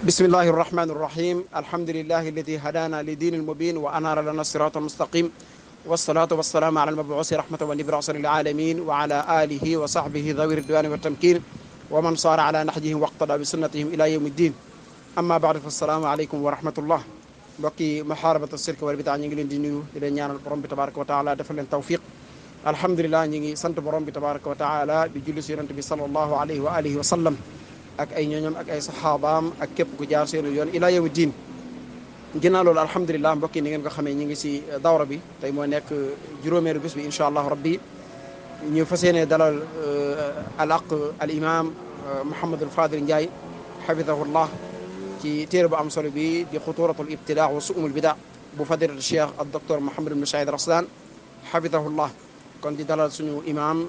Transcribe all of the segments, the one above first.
بسم الله الرحمن الرحيم الحمد لله الذي هدانا لدين المبين وأنار لنا الصراط المستقيم والصلاة والسلام على المبعوث رحمة ولبرعصر العالمين وعلى آله وصحبه ذوي الردوان والتمكين ومن صار على نحجهم واقتدى بسنتهم إلى يوم الدين أما بعد فالسلام عليكم ورحمة الله mbokki maxaarabatu sirk wal bidaa ñu ngi leen di nuyu di leen ñaanal borom bi tabaraka wa taala defal leen tawfiq alhamdulilah ñu ngi sant borom bi tabaraka wa taala bi julli si yonente bi salallahu alayhi wa alihi wa sallam ak ay ñooñam ak ay saxaabaam ak képp ku jaar seenu yoon ilaa yawmi diin ginnaaw loolu alhamdulilah mbokk yi ni ngeen ko xamee ñu ngi si dawra bi tey moo nekk juróomeeru bés bi incha allah rabbi ñu fas yéene dalal euh, al aq al imam euh, Mouhamadul Fadil Ndiaye xafidahullah ci téere bu am solo bi di xuturatul ibtidaa wa suumul bidaa bu fadilat cheikh al docteur Mouhamad ibn Saïd Raslan xafidahullah kon di dalal suñu imam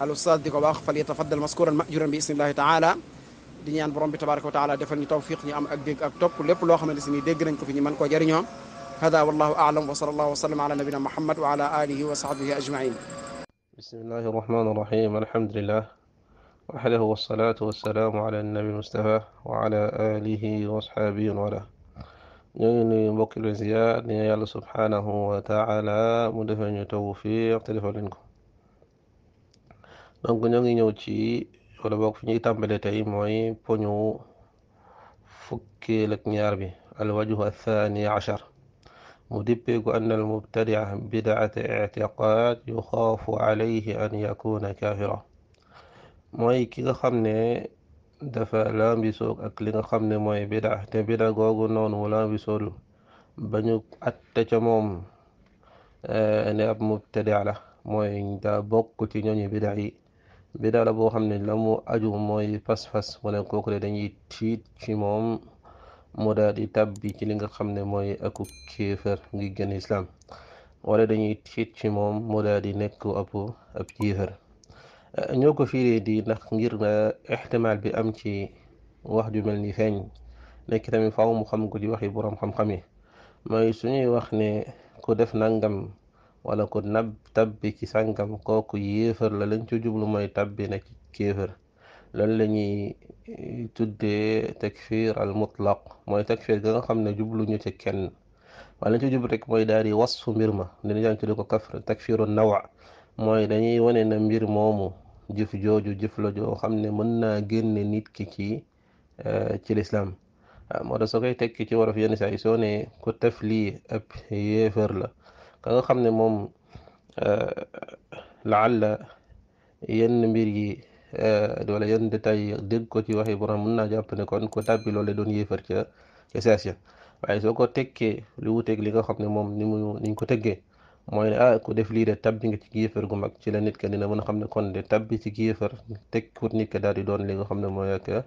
al ustaad di ko wax fal yatafaddal maskuran majuran bi ismillahi taala di ñaan borom bi tabaraka wa taala defal ñu tawfiq ñu am ak dégg ak topp lépp loo xamante si ni dégg nañ ko fi ñu mën koo jëriñoo hada wallahu aalam wa sallallahu wa sallam ala nabina muhammad wa ala alihi wa sahbihi ajmain bismillahi rahmani rahim alhamdulillah wahdahu wassalatu wassalaamu ala nabi mustafa wa ala alihi wa ashabihi wa wala ñoo ngi nuyu mbokki leen ziyaar ni yàlla subhanahu wa taala mu defee ñu tawfiq te defal leen ko donc ñoo ngi ñëw ci wala boog fi ñuy tàmbale tey mooy poñu fukkeel ak ñaar bi alwajhu athaani ashar mu dippeeku an al mubtadia bidaata ictiqaad yuxaafu calayhi an yakuna kaafira mooy ki nga xam ne dafa lambisoog ak li nga xam ne mooy bida te bida googu noonu mu lambisool ba ñu ca moom eh, ne ab mubtadia la mooy daa bokk ci ñooñu bida yi bidaa la boo xam ne la mu aju mooy fas-fas wala kooku le dañuy tiit ci moom moo daal di tàbbi ci li nga xam ne mooy aku kéefër ngi gën islaam wala dañuy tiit ci moom moo daal di nekk ab ab jiifër ñoo ko fiiree di ndax ngir na eh, ixtimaal bi am ci wax ju mel ni feeñ nekk tamit faaw mu xam ko ci waxi boroom xam-xam yi mooy suñuy wax ne ko def nangam wala ku nab tabbi ci sàngam kooku yéefar la lañ ci jublu mooy tabbi na ci kéefar loolu la ñuy eh, tuddee takfir al mutlaq mooy takfir ga nga xam ne jublu ñu ci kenn waaye lañ ci jublu rek mooy daal di wasfu mbir ma dina jàng tudde ko kafr takfiru nawa mooy dañuy wane na mbir moomu jëf jooju jëf la xam ne mën naa génne nit ki ci eh, ci lislaam ah, moo tax soo koy tekki ci wolof yenn saa yi soo ne tafli ab la ka nga xam ne moom euh, laalla yenn mbir yi euh, wala yenn détails yi dégg ko ci waxi borom mën naa jàpp ne kon ko tàbbi loole doon yéefar ca ca saas waaye soo ko tekkee lu wuteeg li nga xam ne moom ni mu niñ ko teggee mooy ne ah ku def lii de tabbi nga ci yéefar gu mag ci la nit ka dina mën a xam ne kon de tabbi ci yéefar tekkiwut nit ka daal di doon li nga xam ne mooy ak euh,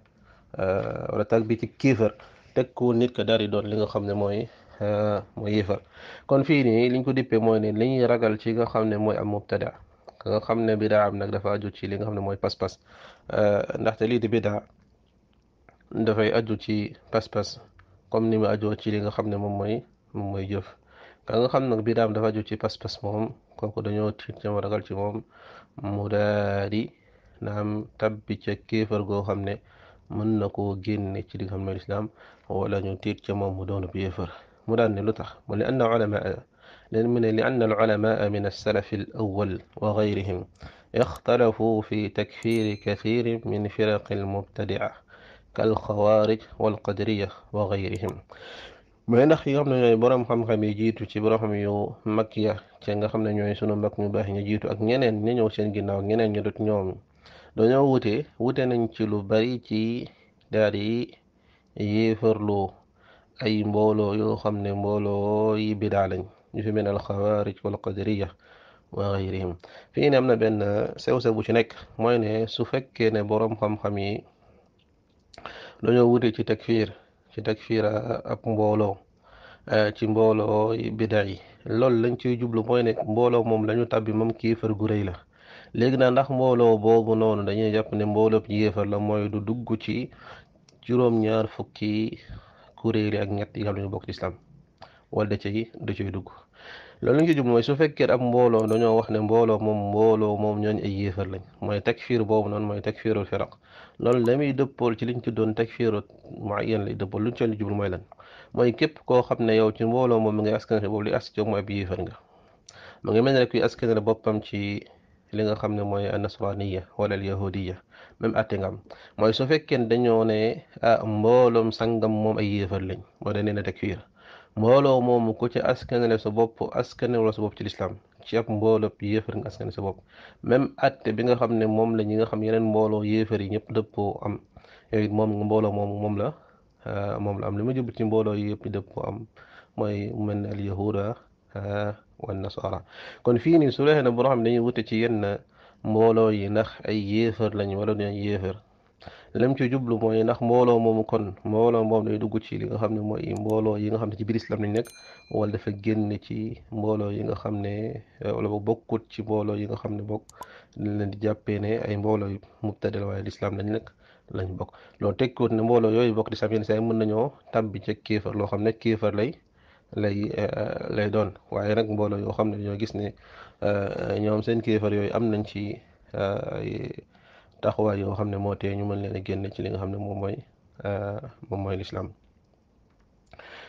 wala tabbi ci kéefar tekkiwut nit ka daal di doon li nga xam ne mooy mooy yéefar kon fii nii liñ ko dippee mooy ne li ñuy ragal ci nga xam ne mooy am mubtada ka nga xam ne bidaa am nag dafa aju ci li nga xam ne mooy pas-pas euh, ndaxte lii di bidaa aju ci pas comme ni mu ajoo ci li nga xam ne moom mooy mooy jëf ka nga xam nag bidaam dafa aju ci pas-pas moom kooku dañoo tiit ñoo ragal ci moom mu daa di naam tabbi ca kéefar goo xam ne mën na koo génne ci li nga xam ne lislaam wala ñu tiit ca moom mu doon bi yéefar mu daan ne lu tax mu li anna ulamaa leen mu ne li anna al ulamaa min alsalafi al awal wa gayrihim ixtalafu fi takfiri kathiri min firaqi al mubtadia kal xawaarij wal qadriya wa gayrihim mais ndax yi ne ñooy boroom xam-xam yi jiitu ci boroom xam yu mag ya ci nga xam ne ñooy sunu mag ñu baax ñu jiitu ak ñeneen ñi ñëw seen ginnaaw ak ñeneen ñoo dut ñoom dañoo wute wute nañ ci lu bari ci daal yi ay mbooloo yoo xam ne mbooloo yi bidaa lañ ñu fi mel al xawaarij wal qadariya wa gayrihim fii ne am na benn sew-sew bu ci nekk mooy ne su fekkee ne boroom xam-xam yi dañoo wute ci takfir ci takfir ab mbooloo eh, ci mbooloo yi bidaa yi loolu lañ ciy jublu mooy ne mbooloo moom lañu tàbbi moom kiifar gu rëy la léegi na ndax mbooloo boobu noonu dañuy jàpp ne mbooloo yéefar la mooy du dugg ci juróom-ñaar fukki kuréel ak ñett yi nga xam ñu bokk ci islam wala da cay da cay dugg loolu lañ ci mooy su fekkee ab mbooloo dañoo wax ne mbooloo moom mbooloo moom ñooñ ay yéefar lañ mooy takfir boobu noonu mooy takfirul firaq loolu la muy dëppool ci liñ tuddoon takfiru muayyan lay dëppool luñ ci jublu mooy lan mooy képp koo xam ne yow ci mbooloo moom mi ngay askan boobu li as ci mooy ab yéefar nga mu ngi mel ne rek kuy askan boppam ci li nga xam ne mooy an nasraniya wala al même atte ngam mooy su fekkee ne dañoo ne ah, mbooloom sangam moom ay yéefar lañ moo dañ leen a mbooloo moomu ku ci askanale sa bopp askanale sa bopp ci lislaam ci ab mbooloo yéefar nga askanale sa bopp même atte bi nga xam ne moom la ñi nga xam yeneen mbooloo yéefar yi ñëpp dëppoo am yooyu moom mbooloo moomu moom la ah, moom la am li ma jublu ci mbooloo yi yëpp dëppoo am mooy mel ne al yahuda ah, wa nasara kon fii nii su leexee ne boo ci yenn mbooloo yi ndax ay yéefar lañ wala du ay yéefar lam ci jublu mooy ndax mbooloo moomu kon mbooloo moom day dugg ci li nga xam ne mooy mbooloo yi nga xam ne ci biir islam lañ nekk wala dafa génn ci mbooloo yi nga xam ne wala ba bokkut ci mbooloo yi nga xam ne bokk dañ leen di jàppee ne ay mbooloo yu mubtadal waaye lislaam lañ nekk lañ bokk loolu tekkiwut ne mbooloo yooyu bokk di sam yenn saa yi mën nañoo tàbbi ca kéefar loo xam ne kéefar lay lay eh, eh, lay doon waaye nag mbooloo yoo xam ne dañoo gis ne Euh, ñoom seen kéefar yooyu am nañ ci ay taxawaay yoo xam ne moo tee ñu mën leen a génn ci li nga xam ne moom mooy euh, moom mooy lislaam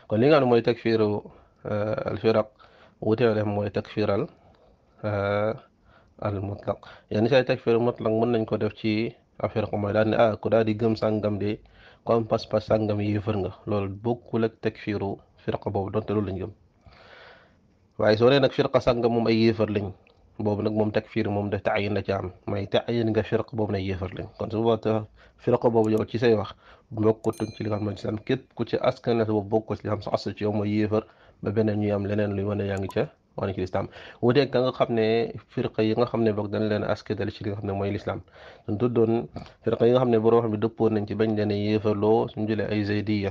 kon li nga xam ne mooy takfiru euh, alfiraq wuteelem mooy takfiral al mutlaq yenn say takfiru mutlaq mën nañ ko def ci affaire ko mooy daal ne ah ku daal di gëm sangam de ko am pas-pas sàngam yéefar nga loolu bokkul ak takfiru firqa boobu donte loolu lañ gëm waaye soo nee nag firqa sàngam moom ay yéefar lañ boobu nag moom takfiir moom daf taayin la ci am may taayin nga firqa boobu na yéefar lañ kon su boobaa firqa boobu yow ci say wax bokkutum ci li ku ci askan la boobu bokk ci li xam sa asl am leneen luy wane yaa ngi ca wane ci lislaam wuteeg nga xam ne firqa yi nga xam ne boog dañ leen askedal ci li nga xam ne mooy lislaam dañ tuddoon firqa yi nga xam ne borom xam bi dëppoon nañ ci bañ leen yéefarloo suñu jëlee ay zaydiya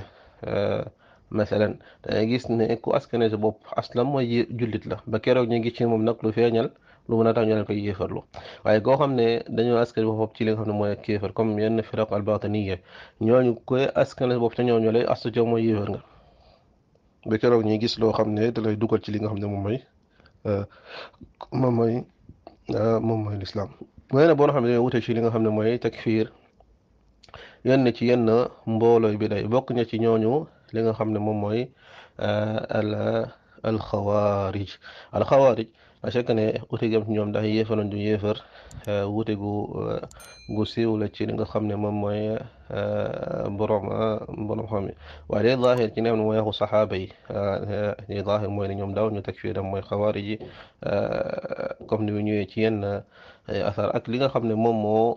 masalan dangay gis ne ku askane sa bopp aslam mooy jullit la ba keroog ñu ngi ci moom nag lu feeñal lu mën a tax ñu leen koy waaye koo xam ne dañoo askan bopp ci li nga xam ne mooy ak kéefar comme yenn firaq albataniya ñooñu koy askane sa bopp te ñooñu lay astu ci mooy yéefar nga ba keroog ñuy gis loo xam ne da lay dugal ci li nga xam ne moom mooy euh, moom mooy euh, moom mooy lislaam mooy ne boo xam ne dañoo wute ci li nga xam ne mooy takfir yenn ci yenn mboolooy bi day bokk na ci ñooñu li nga xam ne moom mooy euh, al alxawaarij alxawaarij à chaque ne uti gam ci ñoom ndax yéefar lañ du euh, wuute gu euh, gu siiw la ci li nga xam ne moom mooy borom borom xam yi waaye day zaahir ci ne mooy waxu saxaaba yi day zaahir mooy ne ñoom daaw ñu takfiir am mooy xawaarij yi comme ni mu ñëwee ci yenn asar ak li nga xam ne moom moo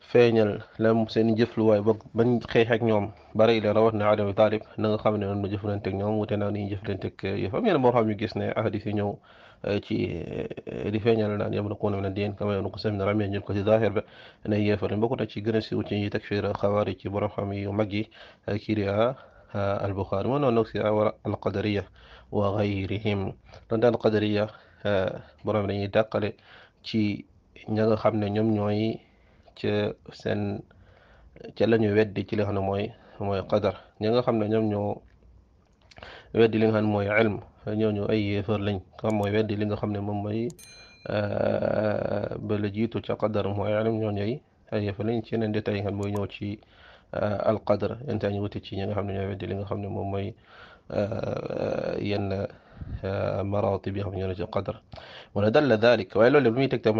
feeñal la seen jëfluwaay ba bañ xeex ak ñoom bari leen rawat na Abi Taalib na nga xam ne noonu la jëflanteeg ñoom wute naa ni ñuy jëflanteeg yëf am yeneen boo xam ñu gis ne ahadis yi ñëw eh, ci eh, di feeñal naan yamruquuna mina diin kama yanqusu mina ramyi ñu ko ci zaahir ba ne yéefar bokk na ci gën a siiw ci ñuy takfir xawaari ci borom xam yu mag yi eh, kii di ah, ah, al-Buxaari moo noonu nag si ah, al-qadariya wa gayrihim donte al-qadariya borom dañuy ci ña xam ne ñoom ñooy. ca seen ca la ñu weddi ci li nga xam ne mooy mooy qadar ñi nga xam ne ñoom ñoo weddi li nga xam ne mooy ñoo ñooñu ay yéefar lañ xam mooy weddi li nga xam ne moom mooy ba la ca qadar mooy ilm ñooñu ay ay yéefar lañ ci yeneen détails mooy ñëw ci al qadar intaa ñu wuti ci ñi nga xam ne ñooy weddi li nga xam ne moom mooy yenn maratib yi xam ñoo ne qadar wala dalla dalik waaye loolu lépp lu muy tegte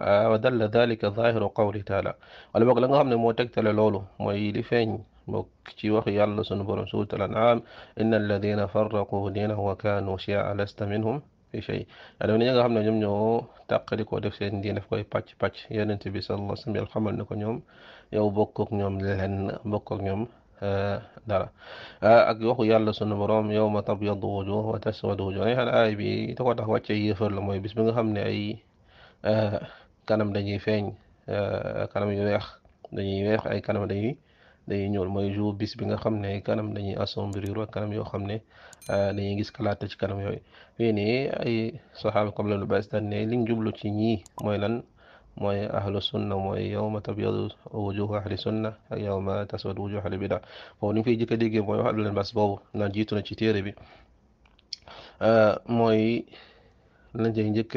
wa dalla dalika zahiru qawli taala wala boog la nga xam ne moo tegtale loolu mooy li feeñ bokk ci waxu yàlla sunu borom suuratul an'aam inna alladina farraqu diinahum wa kaanu shi'a lasta minhum fi shay adoon ñi nga xam ne ñoom ñoo tàqali ko def seen diine daf koy pàcc pàcc yonent bi sallallahu alayhi wa sallam xamal na ko ñoom yow bokk ak ñoom lenn bokk ak ñoom euh, dara ak waxu yàlla sunu borom yawma tabyaddu wujuh wa taswaddu wujuh xan aay bi da ko tax wàcce yéefar la mooy bis bi nga xam ne ay euh, kanam dañuy feeñ euh, kanam yu weex dañuy weex ay kanam dañuy dañuy ñuul mooy jour bis bi nga xam ne kanam dañuy assombrir ak kanam yoo xam ne euh, dañuy gis kalaata ci kanam yooyu fii nii ay saxaaba comme la lu bees daan ne liñ jublu ci ñii mooy lan mooy ahlu sunna mooy yowma tabyadu wujuhu ahli sunna ak yowma taswad wujuhu ahli bida foofu ni ñu koy jëkk a déggee mooy wax Abdul Baas boobu jiitu na ci téere bi euh, mooy lañ cay njëkk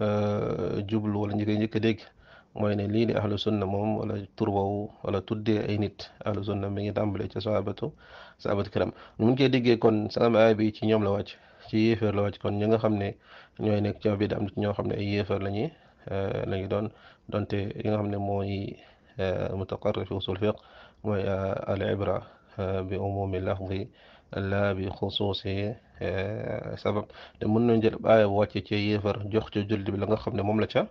Euh, jublu wala ñi koy njëkk a dégg mooy ne lii di ahlu sunna moom wala turbawu wala tuddee ay nit ahlu sunna mi ngi tàmbalee ca sahabatu sahabatu kiram ñu mun koy déggee kon salaam aay bi ci ñoom la wàcc ci yéeféer la wàcc kon ñi nga xam ne ñooy nekk ci bida am na ci ñoo xam ne ay yéeféer la ñuy euh, la ñu doon donte li nga xam ne mooy euh, mutaqarrir fi usul fiq mooy al ibra bi umumi lafzi laa bi xusuusi eh, sabab de mën nañ jël aaya bu wàcce ci yéefar jox ca jullit bi la nga xam ne moom la ca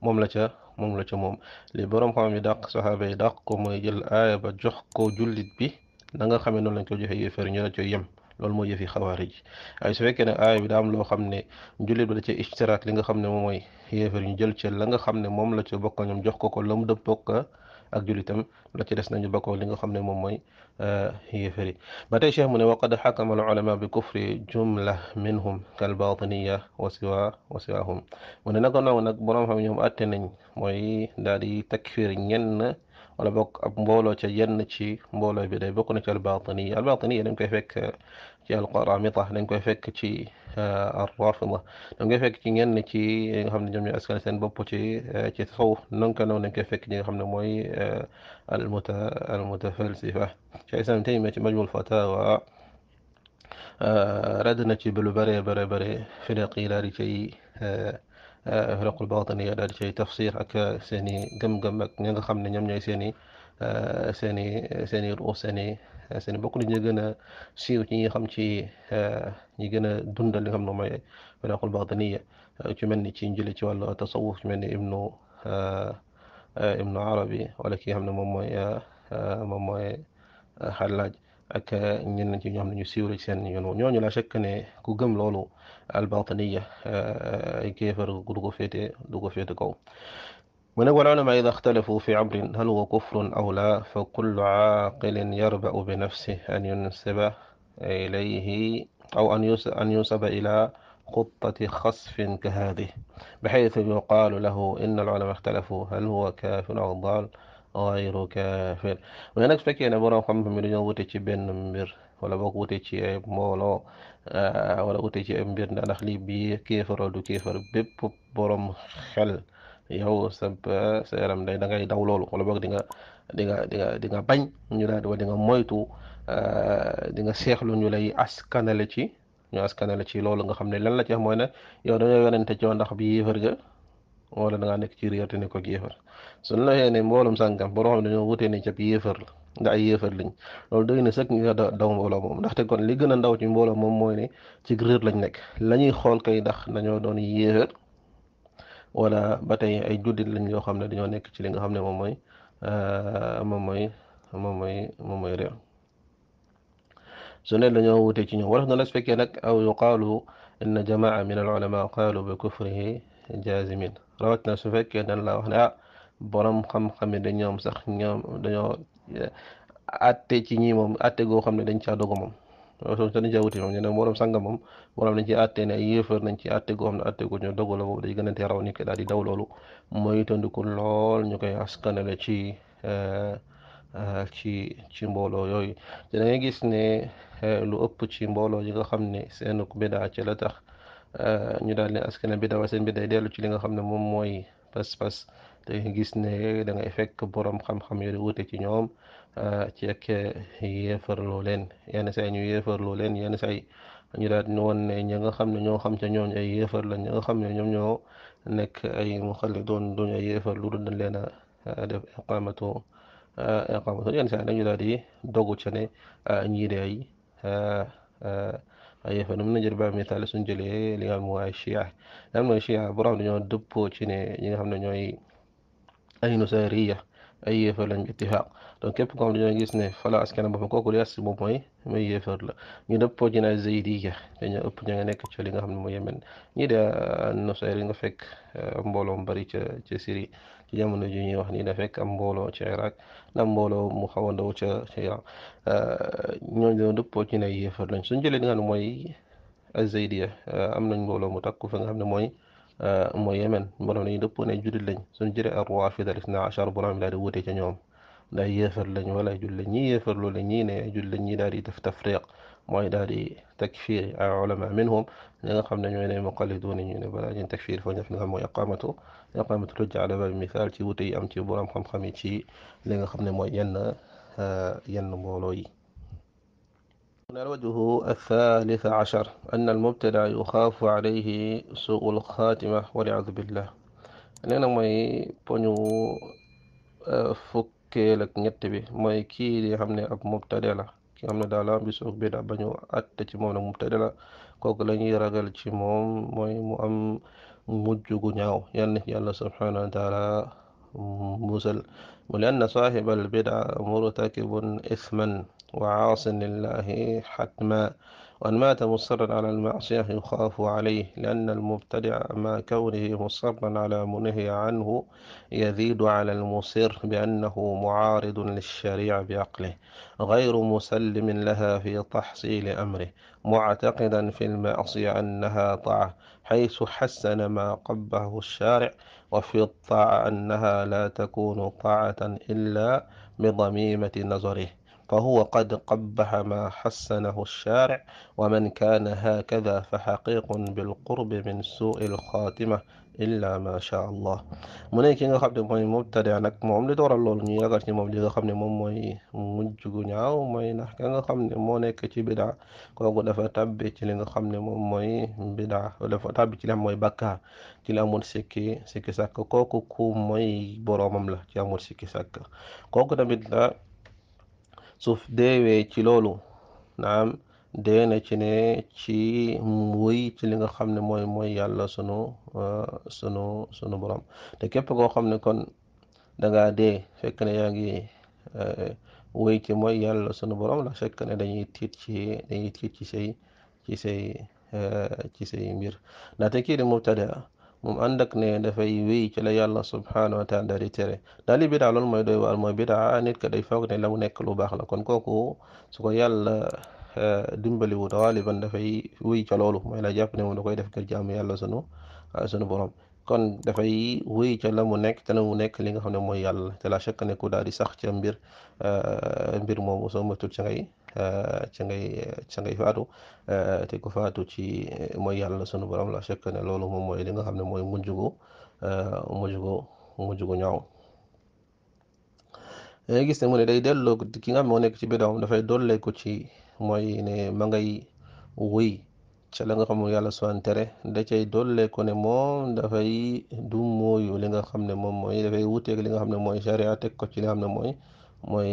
moom la ca moom la ca moom li borom xam yi dàq saxaaba yi dàq ko mooy jël aaya ba jox ko jullit bi la nga xam ne noonu lañ ko joxe yéefar ñu la ca yem loolu mooy yëfi xawaarij yi ay su fekkee ne aaya bi daa loo xam ne jullit bi da ca ishtiraak li nga xam ne moom mooy yéefar ñu jël ca la nga xam ne moom la ca bokk ñoom jox ko ko la mu bokka ak julitam la ci des nañu bakkoo li nga xam ne moom mooy euh, yéeféri ba tey cheikh mu ne waqad xakama al ulama bi kufri jumla minhum kal batiniya wa siwa wa siwahum mu ne naka naaw nag boroom xam ñoom atte nañ mooy daal di takfir ñenn wala bokk ab mbooloo ca yenn ci mbooloo bi day bokk na ci albatiniya albatiniya dañ koy fekk eh, ci alqaramita dañ koy fekk ci eh, arrafida dañ koy fekk ci ñenn ci ñi nga xam ne ñoom ñooy seen bopp ci eh, ci tasawuf nonka noonu dañ koy fekk ñi nga xam ne mooy almuta almutafalsifa Cheikh Islam Taymiyya ci majmul fatawa radd na ci lu bare bare bare firaq yi daal di cay Eh, xuluqul baatiniya daal di cay tafsir ak eh, seen i gëm-gëm ak ñi nga xam ne ñoom ñooy seen eh, i seen i seen i ruus seen i seen i bokk nañ ñu gën a siiw ci ñi xam ci ñi gën a dundal li nga xam ne mooy xuluqul baatiniya ci mel ni ci njëli ci wàllu tasawuf ci mel ni ibnu ibnu arabi wala ki nga xam ne moom mooy moom mooy xallaaj ak ñenn ci ñoo xam ne ñu siiwul ci seen yoon ñooñu la chekk ne ku gëm loolu albataniya eh, ay kéefar du ko féete du ko féete kaw mu ne wal ulama ida ixtalafu fi amrin hal huwa kufrun aw la fa kullu aaqilin yarbau bi nafsihi an yunsaba ilayhi aw an yunsaba ila خطة خصف كهذه بحيث يقال له إن العلماء اختلفوا هل هو كاف أو ضال xayru kaafir mu ne nag su fekkee ne borom xam-xam mi dañoo wute ci benn mbir wala boog wute ci ay mbooloo ah, wala wute ci ay mbir ndax lii bii kéefar du kéefar bépp borom xel yow sa sa yaram day da ngay daw loolu wala boog di nga di nga di di nga bañ ñu daal di nga moytu ah, di nga seexlu ñu lay askanale ci askanale ci loolu nga xam ne lan la ci wax mooy ne yow dañoo yonente ci ndax bi yéefar ga wala da nekk ci réer te ne ko yéefar suñ la xee ne mboolum sàngam dañoo wutee ne cab yéefar la ndax ay yéefar lañ loolu doy na sëkk nga daw mbooloo moom kon li gën a ndaw ci mbooloo moom mooy ne ci réer lañ nekk la ñuy xool kay ndax dañoo doon yéefar wala ba tey ay juddit lañ yoo xam ne dañoo nekk ci li nga xam ne moom mooy euh, moom mooy moom mooy moom mooy dañoo wutee ci ñoom wala na la su fekkee nag aw yuqaalu inna jamaa min al ulama qaalu bi kufrihi jaasimin rawatina su fekkee dañ la wax ne ah borom xam-xam yi dañ ñoom sax ñoom dañoo eh, atte ci ñi moom atte goo xam ne dañ caa moom loolu dañ caa moom sanga moom borom dañ ci atte ne yéefar nañ ci atte goo xam ne atte gu ñu dogu la boobu day gën a teeraw nit ki daal di daw loolu mooy tëndiku lool ñu koy askanale ci eh, eh, ci ci mbooloo yooyu te gis ne lu ëpp ci mbooloo yi nga xam ne seen bidaa ci la tax. Euh, ñu daal di askan bi dawa seen bi day dellu ci li nga xam ne moom mooy pas-pas te gis ne da ngay fekk boroom xam-xam yooyu wute ci ñoom euh, ci ak yéefarloo leen yenn say ñu yéefarloo leen yenn say ñu daal di woon ne ñi nga xam ne ñoo xam ca ñooñ ay la xam ne ñoom ñoo nekk ay muxallidoon duñ ay yéefar lu dul dañ leen a euh, def iqaamatu iqaamatu yenn say nag ñu daal di dogu ca ne ñii de ay ay yéefar mën na jël ba misaal suñ jëlee li nga xam ne mooy chia lan mooy chia borom dañoo dëppoo ci ne ñi nga xam ne ñooy ay nusariya ay yéefar lañ ittifaaq donc képp ko xam ne dañoo gis ne fala askan boppam kooku li as moom mooy mooy yéefar la ñu dëppoo jinaay zaydiya dañoo nekk ci li nga xam ne mooy yemen ñii de ah, Nusayr yi nga fekk ah, mbooloo mu bari ca ca Syrie ci ñuy wax nii da fekk mbooloo ca Iraq na am mbooloo mu xaw a ndaw ca ca Iran ah, ñooñu dañoo dëppoo jinaay yéefar lañ suñ jëlee li nga xam ne mooy zaydiya am nañ mbooloo mu takku fa nga xam ne mooy mooy yemen mbooloo nañu dëppoo ne jullit lañ suñ jëlee ar-Raafida al-Isnaa Ashar bu la daal di wutee ca ñoom ne ay yéefar lañ wala ay jullit ñii yéefar loo la ñii ne ay jullit ñii daal di def tafriq mooy daal di takfir ay ulama minhum ñi nga xam ne ñooy ne muqalliduuna ñu ne balaa ñuy takfir foo def li nga xam mooy iqaamatu iqaamatu lujja ala babi misaal ci wute yi am ci borom xam-xam yi ci li nga xam ne mooy yenn euh, yenn mbooloo yi. الوجه الثالث عشر أن المبتدع يخاف عليه سوء الخاتمة والعياذ بالله لأن ما يبنو فك fukkeel ak ñett bi mooy kii di xam ne ab la ki xam da bañu atte ci moom nag la kooku la ragal ci moom mooy mu am mujj gu ñaaw yal na yàlla subhanahu wa taala musal mu li anna saaxiba albida murtakibun isman wa aasin lillahi xatma وأن مات مصرا على المعصية يخاف عليه لأن المبتدع مع كونه مصرا على منهي عنه يزيد على المصر بأنه معارض للشريعة بعقله غير مسلم لها في تحصيل أمره معتقدا في المعصية أنها طاعة حيث حسن ما قبه الشارع وفي الطاعة أنها لا تكون طاعة إلا بضميمة نظره فهو قد قبح ما حسنه الشارع ومن كان هكذا فحقيق بالقرب من سوء الخاتمة illa ma sha allah mu ne ki nga xam ne mooy mubtada nag moom li dooral loolu ñu yagal ci moom li nga xam ne moom mooy mujj gu ñaaw mooy ndax ka nga xam ne moo nekk ci bidaa kooku dafa tàbbi ci li nga xam ne moom mooy bidaa dafa tàbbi ci li am mooy bakkaar ci li amul sikki sikki sàkk kooku ku mooy boroomam la ci amul sikki sàkk kooku tamit la su deewee ci loolu naam dee na ci ne ci wëy ci li nga xam ne mooy mooy yàlla sunu ah, sunu sunu borom te képp koo xam ne kon da ngaa dee fekk ne yaa ngi eh, wëy ci mooy yàlla sunu borom la fekk ne dañuy tiit ci dañuy tiit ci say ci say eh, ci say mbir ndaxte kii di moom ànd ak ne dafay wéy ci la yàlla subhaanahu wa taala di tere daal li bidaa mooy doy waar mooy bidaa nit ka day foog ne la mu nekk lu baax la kon kooku su ko yàlla eh, dimbaliwu tawaaliban dafay wéy ca loolu mooy la jàpp ne moom da koy def ngir am yàlla sunu ah, sunu borom kon dafay wéy ca la mu nekk te la mu nekk li nga xam ne mooy yàlla te la chakk ne ku daal di sax ca mbir eh, mbir moomu soo matut ca ngay Eh, ca ngay ca ngay faatu eh, te ku faatu ci eh, mooy yàlla sunu borom la fekk ne loolu moom mooy li nga xam ne mooy mujj gu mujj gu mujj gu ñaaw dañuy gis ne mu ne day delloo ki nga xam moo nekk ci bidawam dafay dolleeku ci mooy ne mangay ngay wuy ca la nga xam ne yàlla subhaanahu tere da cay dolleeku ne moom dafay du mooyu nga xam ne moom mooy dafay wuteeg li nga xam ne mooy charia teg ko ci li nga xam ne mooy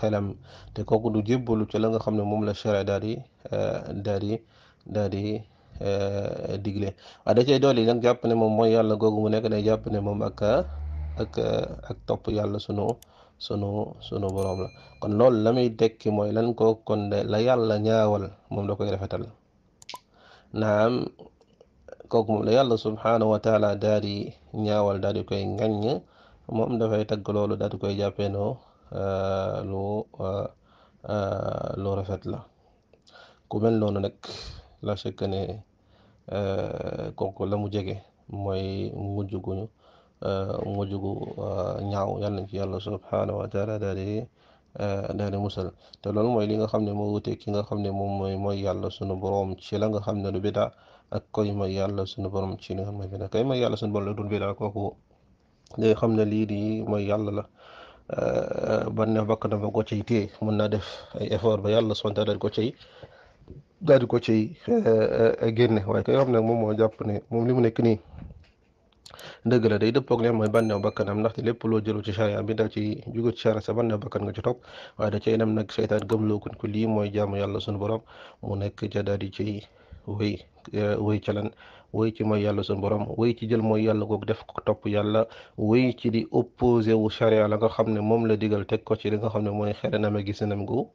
xelam te kooku du jébbalu ci la nga xam ne moom la charia euh, daal di daal di daal euh, di digle waaye da cay dool yi jàpp ne moom mooy yàlla googu mu nekk day jàpp ne moom ak ak ak topp yàlla sunu sunu sunu borom la kon loolu la muy mooy lan ko kon la yàlla ñaawal moom da koy rafetal naam kooku moom la yàlla subhaanahu wa taala ñaawal daal di koy ŋaññ moom dafay tagg loolu daal di koy jàppee noo Euh, lu euh, euh, lu rafet la ku mel noonu nag la fekk ne kooku la mu jege mooy mujj gu ñu mujj gu ñaaw yal nañ ci yàlla subhaanahu wa taala daal di daal di musal te loolu mooy li nga xam ne moo wutee ki nga xam ne moom mooy mooy yàlla sunu boroom ci la nga xam ne du bidaa ak koy mooy yàlla sunu boroom ci li nga xam ne bidaa koy mooy yàlla sunu boroom la dul bidaa kooku xam lii mooy yàlla la Euh, banneex bakkanam ba ko cay téye mun naa def ay effort ba yàlla subhaanahu wa taala ko cay daal di ko cay euh, euh, génne waaye ki nga ne moom moo jàpp ne moom li mu nekk nii dëgg la day dëppoog leen mooy bànneew bakkanam ndaxte lépp loo jëlu ci charia bi da ci jugu ci charia sa bànneew bakkan nga ci topp waaye da cey nam nag seytaan gëmloo ko lii mooy jaamu yàlla sunu borom mu nekk ca daal di cay wéy wéy ci mooy yàlla suñu borom wéy ci jël mooy yàlla googu def ko topp yàlla wéy ci di opposé wu charia la nga xam ne moom la digal teg ko ci li nga xam ne mooy xere na ma gis nam gu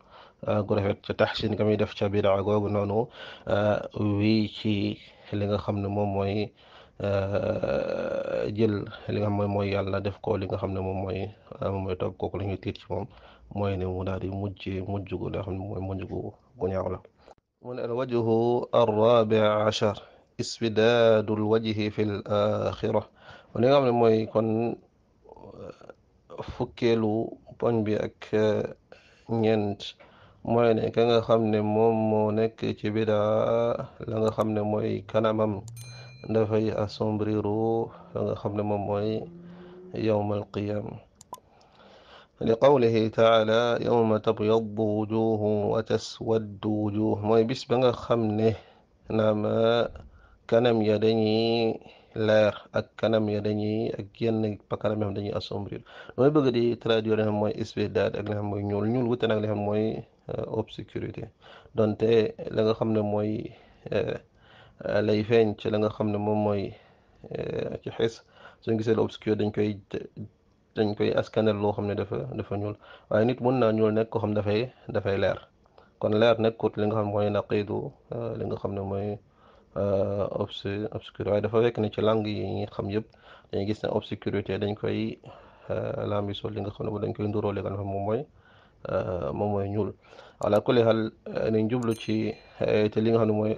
ah, gu rafet ca taxsin nga muy def ca a googu noonu ah, wéy ci li nga xam ne moom mooy ah, jël li nga xam ne mooy yàlla def ko li nga xam ne moom mooy moom mooy toog kooku la ñuy tiit ci moom mooy ne daal di mujj mujj xam ne mooy mujj gu gu ñaaw mu ne al wajhu isbidaadul wajhi fi l axira kon nga xam ne mooy kon fukkeelu poñ bi ak ñeent mooy ne ka nga xam ne moom moo nekk ci bidaa la nga xam ne mooy kanamam dafay assombriru la nga xam ne moom mooy yowm alqiyam li qawlihi taala yowma tabyaddu wujuhu wa taswaddu wujuh mooy bis ba nga xam ne naama kanam ya dañuy leer ak kanam ya dañuy ak yenn pa kanam yoo xam dañuy assombrir mooy bëgg di traduire li mooy isbidad ak li mooy ñuul ñuul wute nag li nga xam mooy obscurité donte la xam ne mooy lay feeñ ci la nga xam ne moom mooy ci xis suñ gisee l'obscur dañ koy dañ koy askanel loo xam ne dafa dafa ñuul waaye nit mun naa ñuul nekk koo xam dafay dafay leer kon leer nekkut li nga mooy naqiidu li nga xam ne mooy Euh, obscur waaye dafa wekk ne ci langue yi ñuy xam yépp dañuy gis ne obscurité dañ koy euh, laambiso li nga xam ne bu dañ koy nduróole kan fa moom mooy euh, moom mooy ñuul ala kulli xal ci te li nga xam ne mooy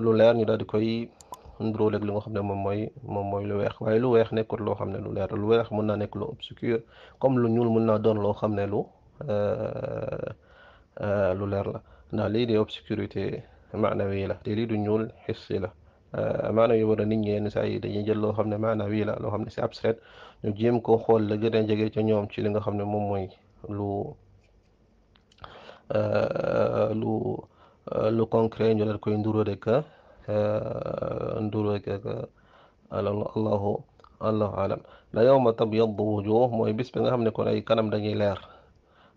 lu leer ñu daal di koy nduróoleeg li nga xam ne moom mooy moom mooy lu weex waaye lu weex nekkul loo xam ne lu leer lu weex mën naa nekk lu obscur comme lu ñuul mën naa doon loo xam ne lu lu leer la ndax lii de obscurité maanawi la lii du ñuul xissi la ah, maanawi war a nit ñi yenn saa dañuy jël loo xam ne maanawi la loo xam ne si abstrait ñu jéem koo xool la gën a jege ca ñoom ci li nga xam ne moom mooy lu ah, lu ah, lu concret ñu daal koy nduro rek nduro rek allahu allahu alam la yawma tabyaddu wujuh mooy bis bi nga xam ne kon ay kanam dañuy leer